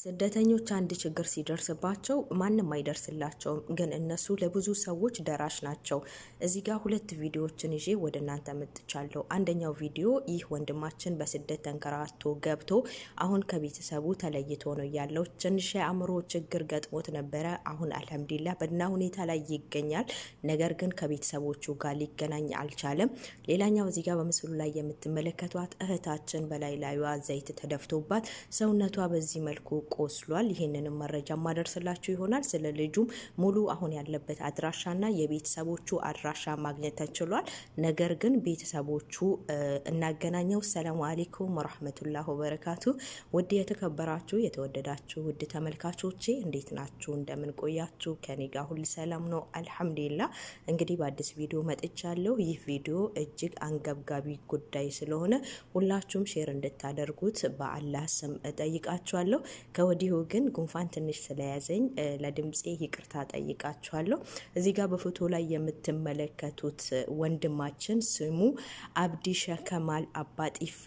ስደተኞች አንድ ችግር ሲደርስባቸው ማንም አይደርስላቸውም፣ ግን እነሱ ለብዙ ሰዎች ደራሽ ናቸው። እዚህ ጋር ሁለት ቪዲዮዎችን ይዤ ወደ እናንተ መጥቻለሁ። አንደኛው ቪዲዮ ይህ ወንድማችን በስደት ተንከራቶ ገብቶ አሁን ከቤተሰቡ ተለይቶ ነው ያለው። ትንሽ የአእምሮ ችግር ገጥሞት ነበረ። አሁን አልሐምዱሊላህ በና ሁኔታ ላይ ይገኛል። ነገር ግን ከቤተሰቦቹ ጋር ሊገናኝ አልቻለም። ሌላኛው እዚህ ጋር በምስሉ ላይ የምትመለከቷት እህታችን በላይ ላዩዋ ዘይት ተደፍቶባት ሰውነቷ በዚህ መልኩ ቆስሏል። ይህንንም መረጃ ማደርስላችሁ ይሆናል። ስለ ልጁም ሙሉ አሁን ያለበት አድራሻና የቤተሰቦቹ አድራሻ ማግኘት ተችሏል። ነገር ግን ቤተሰቦቹ እናገናኘው። ሰላሙ አሌይኩም ወራህመቱላህ ወበረካቱ። ውድ የተከበራችሁ የተወደዳችሁ ውድ ተመልካቾቼ እንዴት ናችሁ? እንደምን ቆያችሁ? ከኔ ጋር ሁሉ ሰላም ነው አልሐምዱሊላ። እንግዲህ በአዲስ ቪዲዮ መጥቻለሁ። ይህ ቪዲዮ እጅግ አንገብጋቢ ጉዳይ ስለሆነ ሁላችሁም ሼር እንድታደርጉት በአላህ ስም እጠይቃችኋለሁ። ከወዲሁ ግን ጉንፋን ትንሽ ስለያዘኝ ለድምፄ ይቅርታ ጠይቃችኋለሁ። እዚህ ጋር በፎቶ ላይ የምትመለከቱት ወንድማችን ስሙ አብዲ ሸከማል አባጢፋ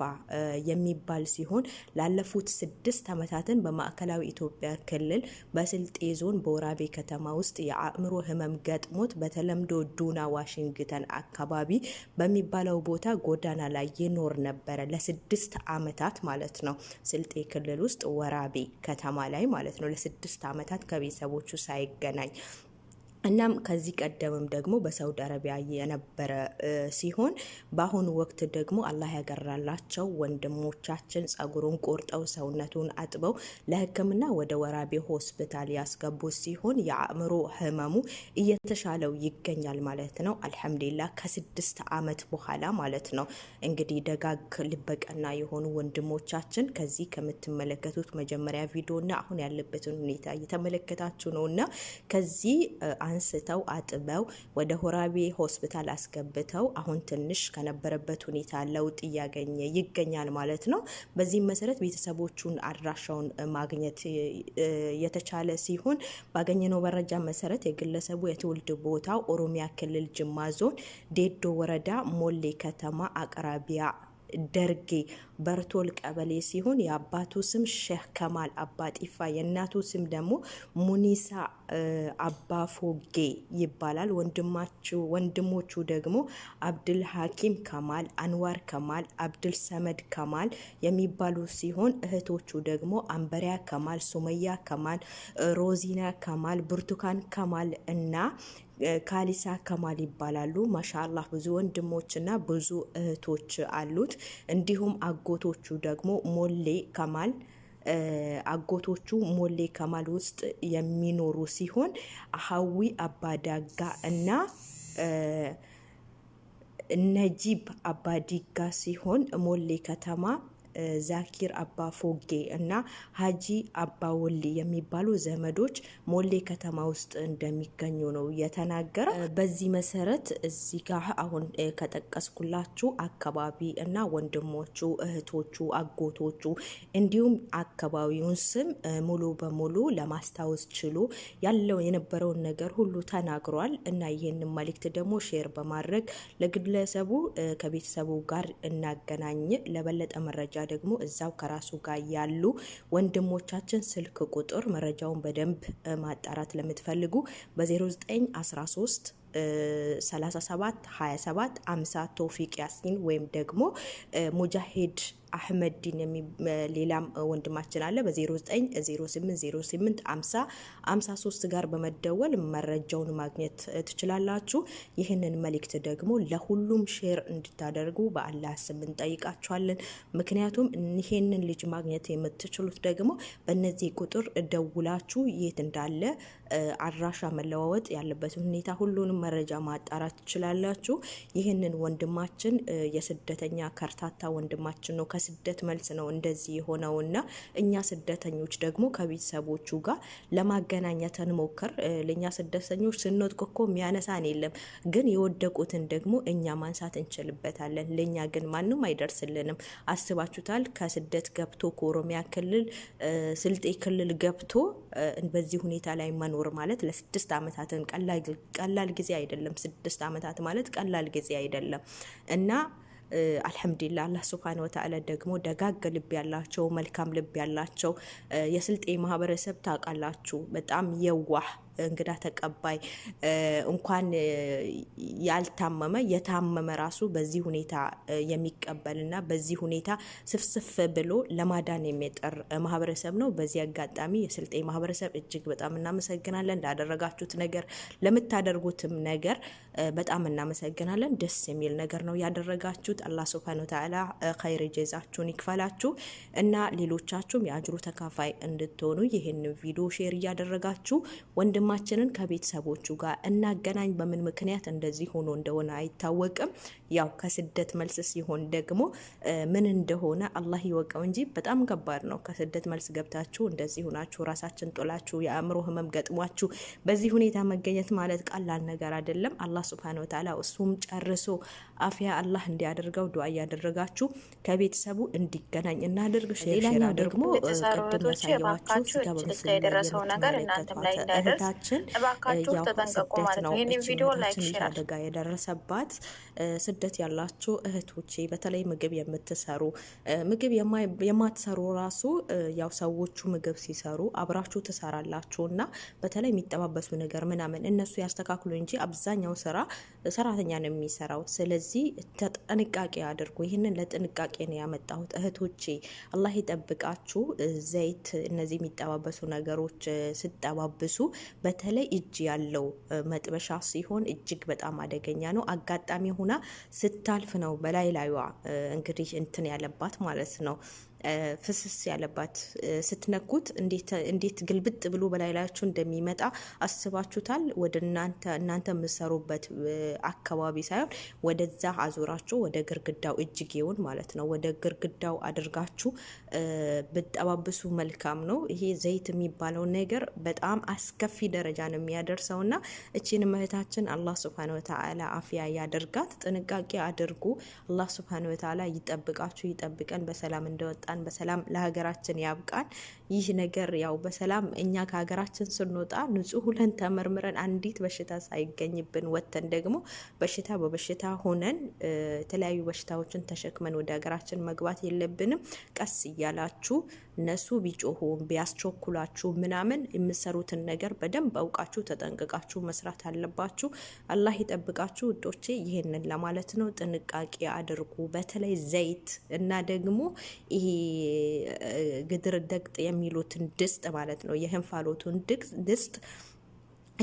የሚባል ሲሆን ላለፉት ስድስት ዓመታትን በማዕከላዊ ኢትዮጵያ ክልል በስልጤ ዞን በወራቤ ከተማ ውስጥ የአእምሮ ህመም ገጥሞት በተለምዶ ዱና ዋሽንግተን አካባቢ በሚባለው ቦታ ጎዳና ላይ ይኖር ነበረ ለስድስት ዓመታት ማለት ነው። ስልጤ ክልል ውስጥ ወራቤ ከተማ ላይ ማለት ነው ለስድስት ዓመታት ከቤተሰቦቹ ሳይገናኝ እናም ከዚህ ቀደምም ደግሞ በሳውዲ አረቢያ የነበረ ሲሆን በአሁኑ ወቅት ደግሞ አላህ ያገራላቸው ወንድሞቻችን ጸጉሩን ቆርጠው ሰውነቱን አጥበው ለሕክምና ወደ ወራቤ ሆስፒታል ያስገቡ ሲሆን የአእምሮ ህመሙ እየተሻለው ይገኛል ማለት ነው። አልሐምዱሊላ ከስድስት አመት በኋላ ማለት ነው። እንግዲህ ደጋግ ልበቀና የሆኑ ወንድሞቻችን ከዚህ ከምትመለከቱት መጀመሪያ ቪዲዮና አሁን ያለበትን ሁኔታ እየተመለከታችሁ ነውና ከዚህ አንስተው አጥበው ወደ ሆራቤ ሆስፒታል አስገብተው አሁን ትንሽ ከነበረበት ሁኔታ ለውጥ እያገኘ ይገኛል ማለት ነው። በዚህም መሰረት ቤተሰቦቹን አድራሻውን ማግኘት የተቻለ ሲሆን ባገኘነው መረጃ መሰረት የግለሰቡ የትውልድ ቦታው ኦሮሚያ ክልል ጅማ ዞን ዴዶ ወረዳ ሞሌ ከተማ አቅራቢያ ደርጌ በርቶል ቀበሌ ሲሆን የአባቱ ስም ሼህ ከማል አባ የእናቱ ስም ደግሞ ሙኒሳ አባ ፎጌ ይባላል። ወንድማችሁ ወንድሞቹ ደግሞ አብድል ሀኪም ከማል፣ አንዋር ከማል፣ አብድል ሰመድ ከማል የሚባሉ ሲሆን እህቶቹ ደግሞ አንበሪያ ከማል፣ ሱመያ ከማል፣ ሮዚና ከማል፣ ብርቱካን ከማል እና ካሊሳ ከማል ይባላሉ። ማሻላ ብዙ ወንድሞችና ብዙ እህቶች አሉት። እንዲሁም አጎቶቹ ደግሞ ሞሌ ከማል አጎቶቹ ሞሌ ከማል ውስጥ የሚኖሩ ሲሆን አሀዊ አባዳጋ እና ነጂብ አባዲጋ ሲሆን ሞሌ ከተማ ዛኪር አባ ፎጌ እና ሀጂ አባ ወሌ የሚባሉ ዘመዶች ሞሌ ከተማ ውስጥ እንደሚገኙ ነው የተናገረ። በዚህ መሰረት እዚህ ጋር አሁን ከጠቀስኩላችሁ አካባቢ እና ወንድሞቹ፣ እህቶቹ፣ አጎቶቹ እንዲሁም አካባቢውን ስም ሙሉ በሙሉ ለማስታወስ ችሎ ያለው የነበረውን ነገር ሁሉ ተናግሯል እና ይህንን መልእክት ደግሞ ሼር በማድረግ ለግለሰቡ ከቤተሰቡ ጋር እናገናኝ ለበለጠ መረጃ ሌላ ደግሞ እዛው ከራሱ ጋር ያሉ ወንድሞቻችን ስልክ ቁጥር መረጃውን በደንብ ማጣራት ለምትፈልጉ በ0913 37 27 50 ቶፊቅ ያሲን ወይም ደግሞ ሙጃሂድ አህመድዲን ሌላም ወንድማችን አለ በ0908085053 ጋር በመደወል መረጃውን ማግኘት ትችላላችሁ። ይህንን መልእክት ደግሞ ለሁሉም ሼር እንድታደርጉ በአላህ ስም እንጠይቃችኋለን። ምክንያቱም ይሄንን ልጅ ማግኘት የምትችሉት ደግሞ በእነዚህ ቁጥር ደውላችሁ የት እንዳለ አድራሻ መለዋወጥ ያለበትን ሁኔታ ሁሉንም መረጃ ማጣራት ትችላላችሁ። ይህንን ወንድማችን የስደተኛ ከርታታ ወንድማችን ነው። ከስደት መልስ ነው እንደዚህ የሆነውና እኛ ስደተኞች ደግሞ ከቤተሰቦቹ ጋር ለማገናኘት እንሞክር። ለእኛ ስደተኞች ስንወጥቅ እኮ የሚያነሳን የለም፣ ግን የወደቁትን ደግሞ እኛ ማንሳት እንችልበታለን። ለእኛ ግን ማንም አይደርስልንም። አስባችሁታል? ከስደት ገብቶ ከኦሮሚያ ክልል ስልጤ ክልል ገብቶ በዚህ ሁኔታ ላይ መኖር ማለት ለስድስት ዓመታትን ቀላል ጊዜ አይደለም። ስድስት ዓመታት ማለት ቀላል ጊዜ አይደለም እና አልሐምዱሊላህ አላህ ስብሃነ ወተዓላ ደግሞ ደጋግ ልብ ያላቸው መልካም ልብ ያላቸው የስልጤ ማህበረሰብ ታውቃላችሁ፣ በጣም የዋህ እንግዳ ተቀባይ እንኳን ያልታመመ የታመመ ራሱ በዚህ ሁኔታ የሚቀበልና በዚህ ሁኔታ ስፍስፍ ብሎ ለማዳን የሚጠር ማህበረሰብ ነው። በዚህ አጋጣሚ የስልጤ ማህበረሰብ እጅግ በጣም እናመሰግናለን። ላደረጋችሁት ነገር፣ ለምታደርጉትም ነገር በጣም እናመሰግናለን። ደስ የሚል ነገር ነው ያደረጋችሁት። አላህ ስብሃነ ወተዓላ ኸይር ጀዛችሁን ይክፈላችሁ እና ሌሎቻችሁም የአጅሩ ተካፋይ እንድትሆኑ ይህን ቪዲዮ ሼር እያደረጋችሁ ወንድም ወንድማችንን ከቤተሰቦቹ ጋር እናገናኝ። በምን ምክንያት እንደዚህ ሆኖ እንደሆነ አይታወቅም። ያው ከስደት መልስ ሲሆን ደግሞ ምን እንደሆነ አላህ ይወቀው እንጂ በጣም ከባድ ነው። ከስደት መልስ ገብታችሁ እንደዚህ ሆናችሁ ራሳችን ጦላችሁ የአእምሮ ህመም ገጥሟችሁ በዚህ ሁኔታ መገኘት ማለት ቀላል ነገር አይደለም። አላህ ሱብሃነ ወተዓላ እሱም ጨርሶ አፍያ አላህ እንዲያደርገው ዱዓ እያደረጋችሁ ከቤተሰቡ እንዲገናኝ እናድርግ። ሌላኛው ደግሞ ቅድም ያሳየኋችሁ በምስል የደረሰው ነገር እናንተም ላይ እንዳይደርስ እባካችሁ ተጠንቀቁ ነው። ይህን አደጋ የደረሰባት ስደት ያላችሁ እህቶቼ በተለይ ምግብ የምትሰሩ ምግብ የማትሰሩ ራሱ ያው ሰዎቹ ምግብ ሲሰሩ አብራችሁ ትሰራላችሁ እና በተለይ የሚጠባበሱ ነገር ምናምን እነሱ ያስተካክሉ እንጂ አብዛኛው ስራ ሰራተኛ ነው የሚሰራው። ስለዚህ ስለዚህ ጥንቃቄ አድርጉ። ይህንን ለጥንቃቄ ነው ያመጣሁት እህቶቼ። አላህ ይጠብቃችሁ። ዘይት፣ እነዚህ የሚጠባበሱ ነገሮች ስጠባብሱ በተለይ እጅ ያለው መጥበሻ ሲሆን እጅግ በጣም አደገኛ ነው። አጋጣሚ ሆና ስታልፍ ነው በላይ ላዩዋ እንግዲህ እንትን ያለባት ማለት ነው ፍስስ ያለባት ስትነኩት እንዴት ግልብጥ ብሎ በላይ ላያችሁ እንደሚመጣ አስባችሁታል? ወደ እናንተ እናንተ የምሰሩበት አካባቢ ሳይሆን ወደ ከዛ አዙራችሁ ወደ ግርግዳው እጅጌውን ማለት ነው ወደ ግርግዳው አድርጋችሁ ብጠባብሱ መልካም ነው። ይሄ ዘይት የሚባለው ነገር በጣም አስከፊ ደረጃ ነው የሚያደርሰው እና እቺን እህታችን አላህ ስብሃነ ወተዓላ አፍያ ያደርጋት። ጥንቃቄ አድርጉ። አላህ ስብሃነ ወተዓላ ይጠብቃችሁ፣ ይጠብቀን። በሰላም እንደወጣን በሰላም ለሀገራችን ያብቃን። ይህ ነገር ያው በሰላም እኛ ከሀገራችን ስንወጣ ንጹህ ሁለን ተመርምረን አንዲት በሽታ ሳይገኝብን ወተን ደግሞ በሽታ በበሽታ ሆነ ሆነን የተለያዩ በሽታዎችን ተሸክመን ወደ ሀገራችን መግባት የለብንም። ቀስ እያላችሁ እነሱ ቢጮሁም ቢያስቸኩላችሁ ምናምን የምሰሩትን ነገር በደንብ አውቃችሁ ተጠንቅቃችሁ መስራት አለባችሁ። አላህ ይጠብቃችሁ ውዶቼ። ይህንን ለማለት ነው። ጥንቃቄ አድርጉ። በተለይ ዘይት እና ደግሞ ይሄ ግድር ደቅጥ የሚሉትን ድስጥ ማለት ነው የህንፋሎቱን ድስጥ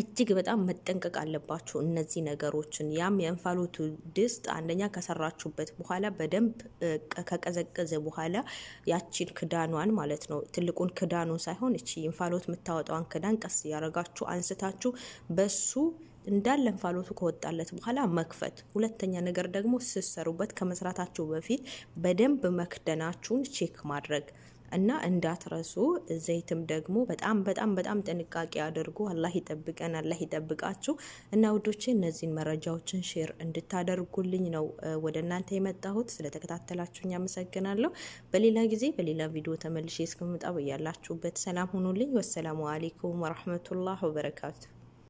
እጅግ በጣም መጠንቀቅ አለባችሁ እነዚህ ነገሮችን። ያም የእንፋሎቱ ድስት አንደኛ ከሰራችሁበት በኋላ በደንብ ከቀዘቀዘ በኋላ ያቺን ክዳኗን ማለት ነው ትልቁን ክዳኑ ሳይሆን እቺ እንፋሎት የምታወጣዋን ክዳን ቀስ ያደረጋችሁ አንስታችሁ በሱ እንዳለ እንፋሎቱ ከወጣለት በኋላ መክፈት። ሁለተኛ ነገር ደግሞ ስሰሩበት ከመስራታችሁ በፊት በደንብ መክደናችሁን ቼክ ማድረግ እና እንዳትረሱ። ዘይትም ደግሞ በጣም በጣም በጣም ጥንቃቄ አድርጉ። አላህ ይጠብቀን፣ አላህ ይጠብቃችሁ። እና ውዶቼ እነዚህን መረጃዎችን ሼር እንድታደርጉልኝ ነው ወደ እናንተ የመጣሁት። ስለተከታተላችሁኝ አመሰግናለሁ። በሌላ ጊዜ በሌላ ቪዲዮ ተመልሼ እስከምመጣ በያላችሁበት ሰላም ሁኑልኝ። ወሰላሙ አሌይኩም ወረህመቱላህ ወበረካቱ